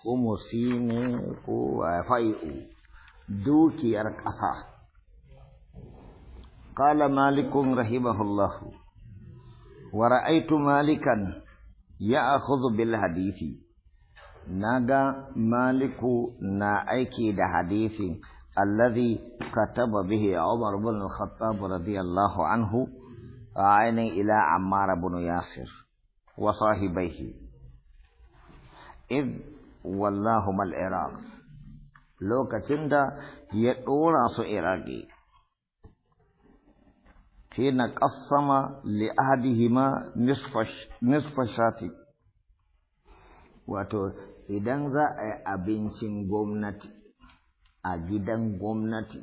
Kumusini ku fai'u Duki anak asah Kala malikum rahimahullah Wa ra'aitu malikan Ya'akhudu bil hadithi Naga maliku na aiki da hadithi Alladhi kataba bihi Umar bin al-Khattab radiyallahu anhu Aini ila Ammar bin Yasir Wa sahibaihi in wallahu mal iraq lokacin da ya ɗora su iraki حين قسم لأحدهما nisfa شاتي wato idan za a yi abincin gwamnati a gidan gwamnati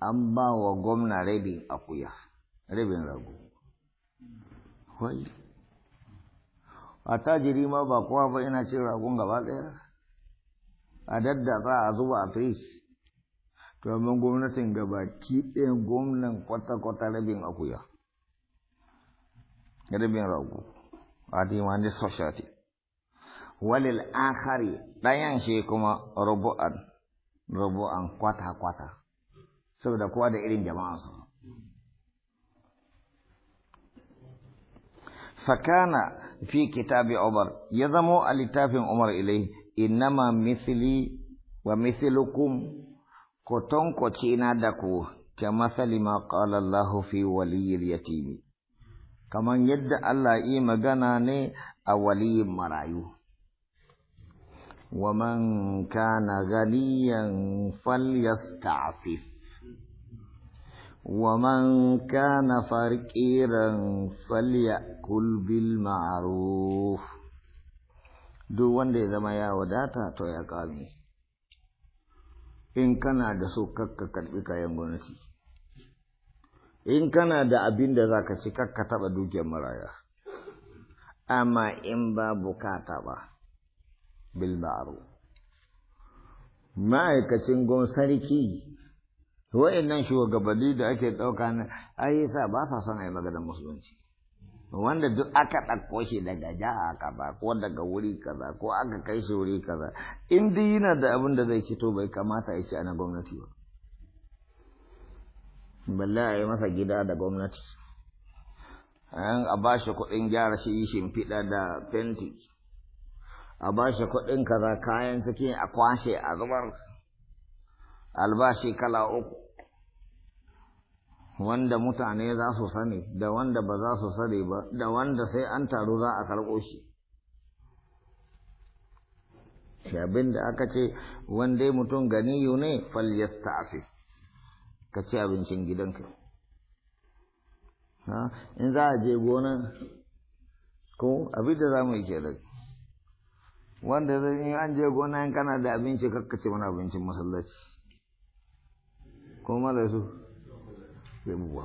an ba wa gwamna rabin akuya rabin rago a tajiri ma ba kowa ba ina cin ragon gaba ɗaya a daddatsa a zuba a firish domin gwamnatin gaba ɗaya gwamnan kwata-kwata rabin akuya rabin rago a dimani society walil akhari ɗayan shi kuma rubu'an rubu'an kwata-kwata saboda kowa da irin jama'ansa fakana fi kitabi umar ya zamo a littafin umar ilai innama misli wa mislukum kotonkwace na da ku ka masali ma qala Allah fi waliyil yatimi kaman yadda Allah yi magana ne a waliyin marayu ومن كان غنيا فليستعفف ومن كان فقيرا فليأكل بالمعروف duk wanda ya zama ya wadata to ya kame in kana da so kakka karbi kayan gwamnati in kana da abin da za ka ci kakka taɓa dukiyar maraya amma in ba bukata ba bil ma'aikacin gwamnati waɗannan shugabanni da ake ɗauka na ai sa ba sa son ai maganar musulunci wanda duk aka ɗauko shi daga jaha kaza ko daga wuri kaza ko aka kai shi wuri kaza in dai yana da abin da zai fito bai kamata ya ci ana gwamnati ba balla a yi masa gida da gwamnati a ba shi kuɗin gyara shi shimfiɗa da fenti a ba shi kuɗin kaza kayan suke a kwashe a zubar albashi kala uku wanda mutane za su sani da wanda ba za su sani ba da wanda sai an taru za a karɓo shi abin da aka ce wanda mutum ganiyu ne falyastafi ka ci abincin gidanka in za a je gona ko abin da za mu yi kenan wanda zai yi an je gona yin kana da abinci kakkace mana abincin masallaci ko mala su yabuwa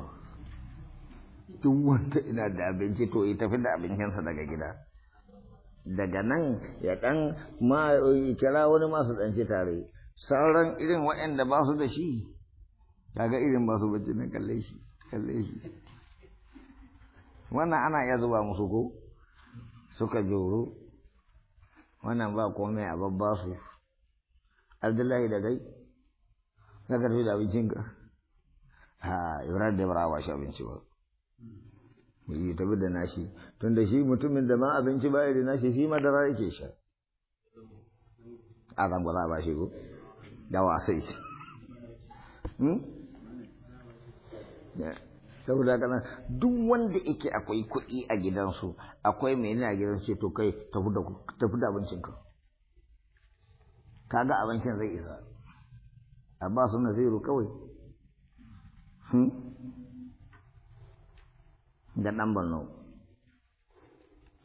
duk wanda ina da abinci to ita tafi da abincinsa daga gida daga nan ya ɗan ma kira wani masu dan tare sauran irin waɗanda ba su da shi kaga irin ba su bacci na kalle shi kalle shi wannan ana iya zuba musu ko suka joro wannan ba komai a babba su abdullahi da dai na karfi da ka ha yura da bara ba shi abinci ba yi tabi da nashi tun da shi mutumin da ma abinci ya da nashi shi madara yake sha a zangwala ba shi ko da wasai hmm? saboda kana duk wanda yake akwai kuɗi a gidansu akwai mai yana gidansu to kai tafi da abincin ka kaga abincin zai isa a ba su naziru kawai hmm. da ɗan barno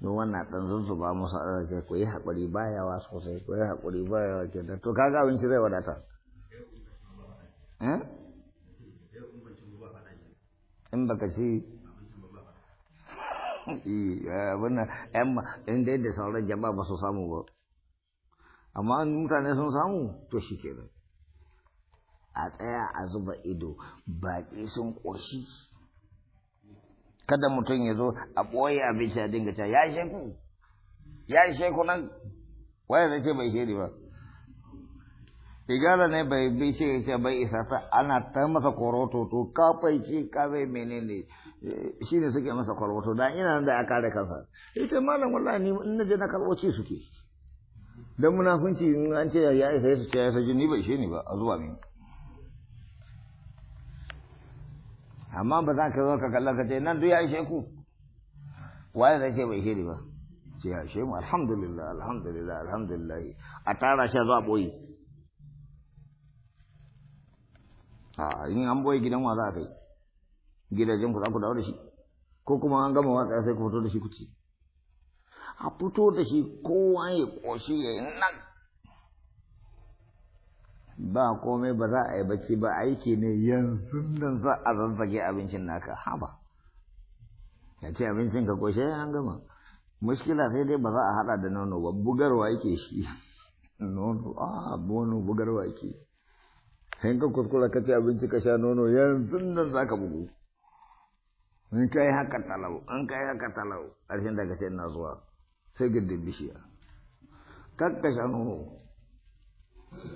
don wannan ɗanzun su ba musu arziki ku yi haƙuri bayawa sosai ku yi haƙuri bayawa ke da to kaga abinci zai wadata eh? in baka ci wannan in dai da sauran jama'a ba su samu ba amma mutane sun samu to shi kenan a tsaya a zuba ido baƙi sun ƙoshi kada mutum ya zo a ɓoye abinci a dinga cewa ya sheku ya sheku nan waye zai ce bai shiri ba igala ne bai bi shi ce bai isa ta ana ta masa koroto to ka faici ka bai menene shi ne suke masa koroto da ina da ya kare kansa ce malam wallahi ni in naje na karboci suke don munafunci in an ce ya isa su ce ya sa ni bai shi ne ba a zuwa mini amma ba za ka zo ka kalla ka ce nan duk ya ishe ku waye zai ce bai shiri ba ce ya ishe mu alhamdulillah alhamdulillah alhamdulillah a tara shi zuwa boyi a yin an boye gidan wa za a kai gidajen ku za ku dawo da shi ko kuma an gama wa sai ku fito da shi ku ci a fito da shi kowa ya koshi ya yi nan ba komai ba za a yi bacci ba aiki ne yanzu nan za a zanzage abincin naka haba ya ce abincin ka koshe an gama mushkila sai dai ba za a hada da nono ba bugarwa yake shi nono a nono bugarwa yake sai ka kuskura ka ce abinci ka sha nono yanzu nan za ka bugu in ka yi haka talau an ka yi haka talau ƙarshen daga sai na zuwa sai gindin bishiya kakka sha nono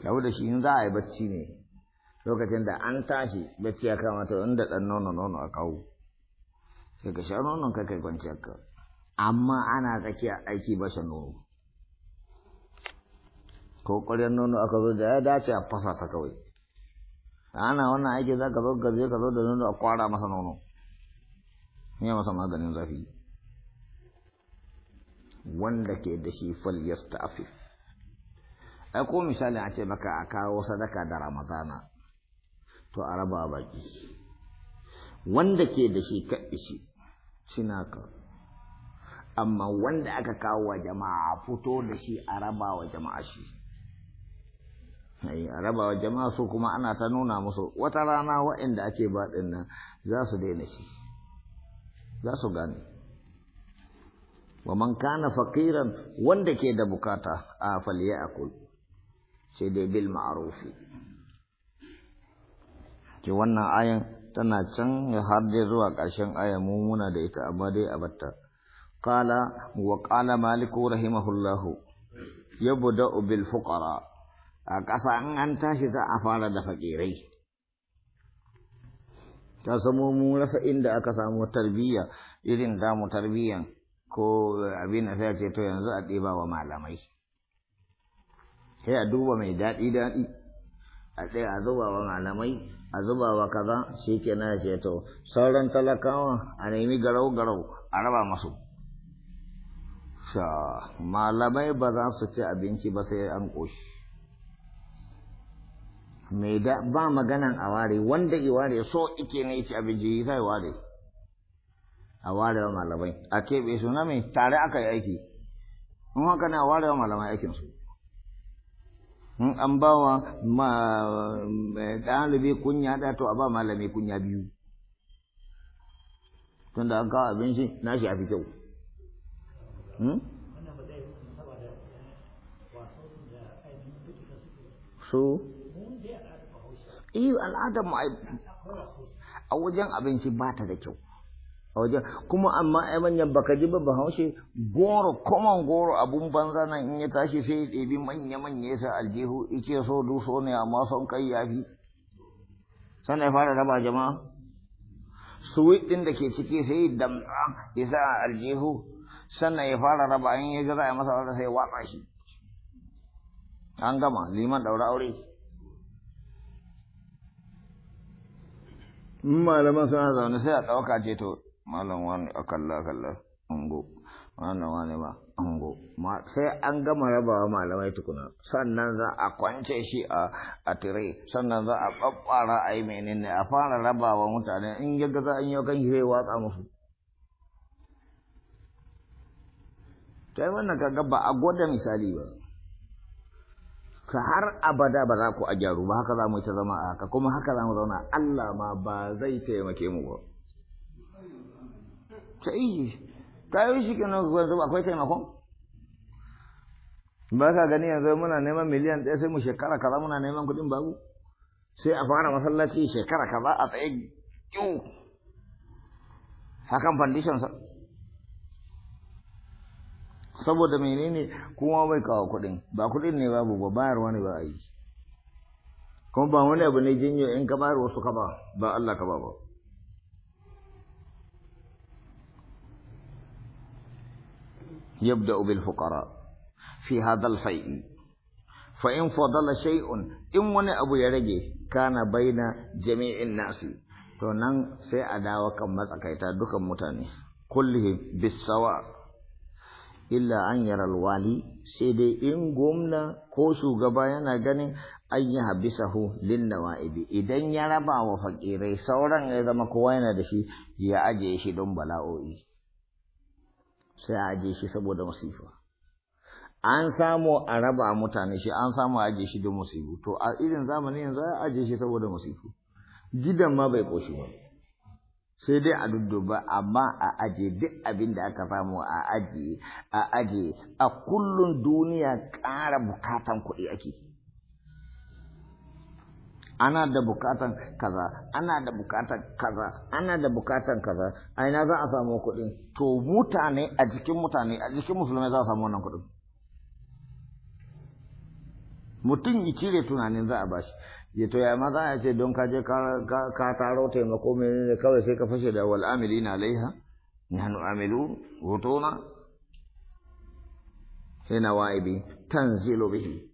Yau da shi in za a yi bacci ne lokacin da an tashi bacci ya kamata inda ɗan nono nono a kawo sai ka sha nono ka kai kwanciyar ka amma ana tsakiya aiki ba shan nono ko ƙwaryar nono aka zo da ya dace a fasa ta kawai ana wannan aiki za ka zo ka je ka zo da nono a kwara masa nono ya masa maganin zafi wanda ke da shi fal yasta'fif ai ko misali a ce maka a kawo sadaka da ramadana to a raba baki wanda ke da shi kaɗi shi suna ka amma wanda aka kawo wa jama'a fito da shi a raba wa jama'a shi a raba wa jama'a su kuma ana ta nuna musu wata rana waɗanda ake ba nan za su daina shi za su gane wa man kana faqiran wanda ke da bukata a falyakul sai dai bil ma'rufi wannan ayan tana can har dai zuwa ƙarshen ayan mu muna da ita amma dai a batta qala wa qala maliku rahimahullahu yabda bil fuqara a ƙasa in an tashi za a fara da fakirai ta samo mu rasa inda aka samu tarbiyya irin damu tarbiyyan ko abin da sai ce to yanzu a ɗeba wa malamai sai a duba mai daɗi daɗi a tsaye a zuba wa malamai a zuba wa kaza shi ke na ce to sauran talakawa a nemi garau garau a raba masu malamai ba za su ci abinci ba sai an ƙoshi mai da ba maganan a ware wanda i ware so ike na ci abinci sai ware a ware wa malamai a keɓe su na mai tare aka yi aiki in haka na ware wa malamai aikinsu in an ba wa eh, ɗalibi kunya ɗaya to a ba malami kunya biyu tunda an kawo abin shi na shi a fi kyau hmm? so iyo eh, al'adar mu a wajen abinci ba ta da kyau a wajen kuma amma ai manyan baka ji ba haushe goro common goro abun banza nan in ya tashi sai ya ɗebi manya manya ya sa aljihu ice so duso ne amma son kai ya fi sannan ya fara raba jama'a su ɗin da ke ciki sai ya damta ya sa aljihu sannan ya fara raba in ya gaza ya masa wata sai ya watsa shi an gama liman ɗaura aure malaman suna zaune sai a ɗauka ce to malam wani a kalla kalla ango malam wani ba ango sai an gama rabawa malamai tukuna sannan za a kwance shi a tire sannan za a ɓaɓɓara a yi menene a fara rabawa mutane in ya gaza in yi kan shi zai watsa musu ta yi wannan kaga ba a gwada misali ba ka har abada ba za ku a gyaru ba haka za mu ta zama a haka kuma haka za mu zauna Allah ma ba zai taimake mu ba ta yi ta yi shi kenan yanzu akwai taimakon ba ka gani yanzu muna neman miliyan ɗaya sai mu shekara kaza muna neman kuɗin babu sai a fara masallaci shekara kaza a tsaye yiwu hakan sa saboda menene kuma bai kawo kuɗin ba kuɗin ne babu ba bayarwa ne ba a yi kuma ba wani abu ne jinyo in ka bayar wasu ka ba ba Allah ka ba ba يبدأ بالفقراء في هذا الحي فإن فضل شيء إن من أبو يرجي كان بين جميع الناس تونان سي أداوة كم مزعك يتعدوك متاني كله بالسواء إلا أن يرى الوالي سيدي إن قمنا كوشو غبايانا غني أن يحبسه للنوائب اذا يرى باو فقيري سورا إذا ما كوانا دشي يأجيش دنبلاوي sai a aje shi saboda masifa an samu a raba a mutane shi an samu a aje shi don musibu to a irin zamani yanzu a aje shi saboda musifu gidan ma bai koshi ba sai dai a ba amma a aje duk abin da aka samu a aje a aje a kullun duniya ƙara bukatan kuɗi ake ana da bukatan kaza ana da bukatan kaza ana da bukatan kaza a ina za a samu kuɗin to mutane a jikin mutane a jikin musulmai za a samu wannan kuɗin mutum ya cire tunanin za a bashi ya to ya maza za a ce don ka je ka taro taimako menene kawai sai ka fashe da wal laiha ya nahnu amilu hutuna hina wa'ibi tanzilu bihi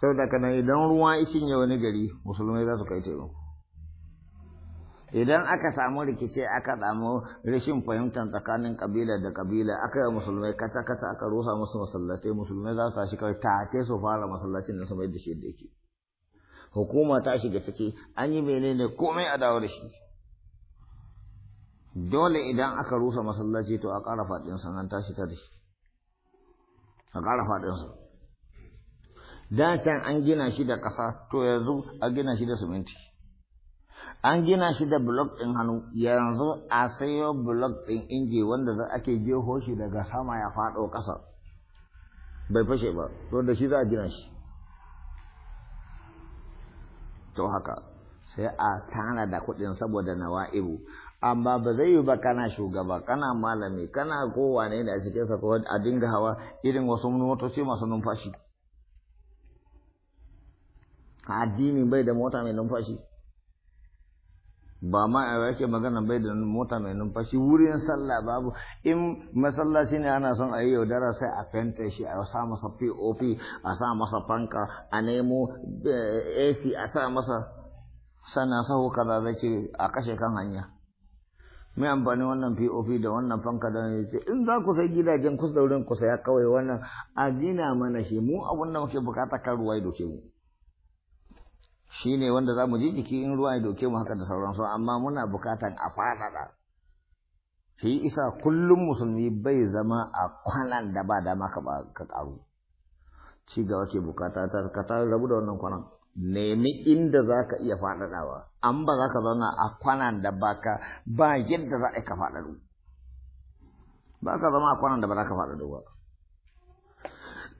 sau da kana idan ruwa ishin ya wani gari musulmai za su kai taimako idan aka samu rikice aka samu rashin fahimtar tsakanin kabila da kabila aka yi musulmai kasa kasa aka rusa musu masallatai musulmai za su tashi kawai tace su fara masallacin da su mai da shi da yake hukuma ta shiga ciki an yi menene komai a dawo da shi dole idan aka rusa masallaci to a kara faɗin sanan tashi ta da a ƙara faɗin sanan da can an gina shi da ƙasa to yanzu a gina shi da siminti an gina shi da blok ɗin hannu yanzu a sayo blok ɗin inji wanda za ake jeho shi daga sama ya faɗo ƙasa bai fashe ba to da shi za a gina shi to haka sai a tana da kuɗin saboda nawa'ibu amma ba zai yi ba kana shugaba kana malami kana kowane da a cikin sa a dinga hawa irin wasu motoci masu numfashi a addini bai da mota mai numfashi ba ma a yake magana bai da mota mai numfashi wurin sallah babu in masallaci ne ana son a yi yaudara sai a fenta shi a sa masa pop a sa masa fanka a nemo eh, ac a sa masa Sana sahu kaza zai a kashe kan hanya mai amfani wannan pop da wannan fanka da ya ce in za ku sai gidajen ku wurin ku saya kawai wannan a gina mana shi mu abun da muke bukata kan ruwa ya doke mu shi ne wanda za mu ji jiki in ruwa ya doke mu haka da sauransu amma muna bukatan a faɗaɗa shi isa kullum musulmi bai zama a kwanan da ba dama ka ƙaru ci gaba ce bukata ta ka ta rabu da wannan kwanan nemi inda za ka iya faɗaɗawa an ba za ka zauna a kwanan da ba ka ba yadda za a ka faɗaɗu ba ka zama a kwanan da ba za ka faɗaɗu ba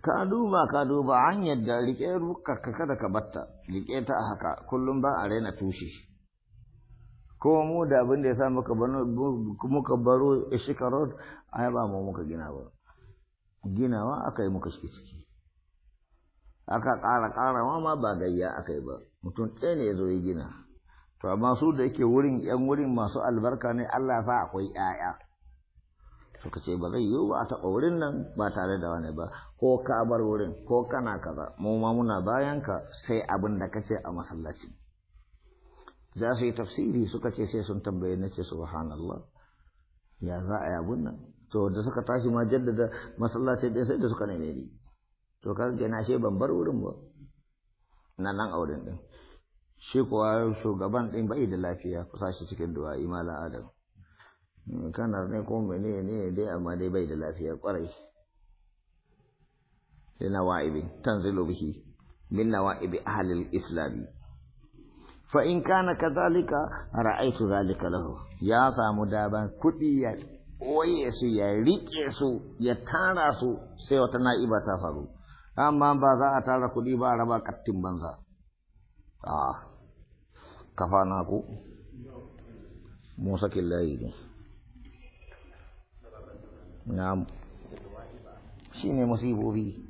ka duba ka duba hanyar da ruka ka kada ka batta rike ta a haka kullum ba a raina tushe ko mu da abin da ya sa muka muka baro shikarot ai ba mu muka gina ba ginawa aka muka shi ciki aka ƙara ƙarawa ma ba gayya aka ba mutum ɗaya ne ya zo ya gina to amma su da yake wurin yan wurin masu albarka ne Allah ya sa akwai 'ya'ya suka ce ba zai yiwu ba a taɓa wurin nan ba tare da wani ba ko ka bar wurin ko kana kaza mu ma muna bayan ka sai abin da kace a masallaci za su yi tafsiri suka ce sai sun tambaye na ce subhanallah ya za a yi abun nan to da suka tashi ma jaddada masallaci ɗaya sai da suka neme ne to ka ga na ce ban bar wurin ba na nan auren din shi kuwa shugaban ɗin bai da lafiya kusa shi cikin du'a imala adam kanar ne ko mene ne dai amma dai bai da lafiya kwarai lina wa'ibi tanzilu bihi min nawa'ibi ahli al-islam fa in kana kadhalika ra'aytu dhalika lahu ya samu daban kudi ya oye su ya rike su ya tara su sai wata na'iba ta faru amma ba za a tara kudi ba raba kattin banza a ah, kafa na ku musa layi ne na'am shine bi.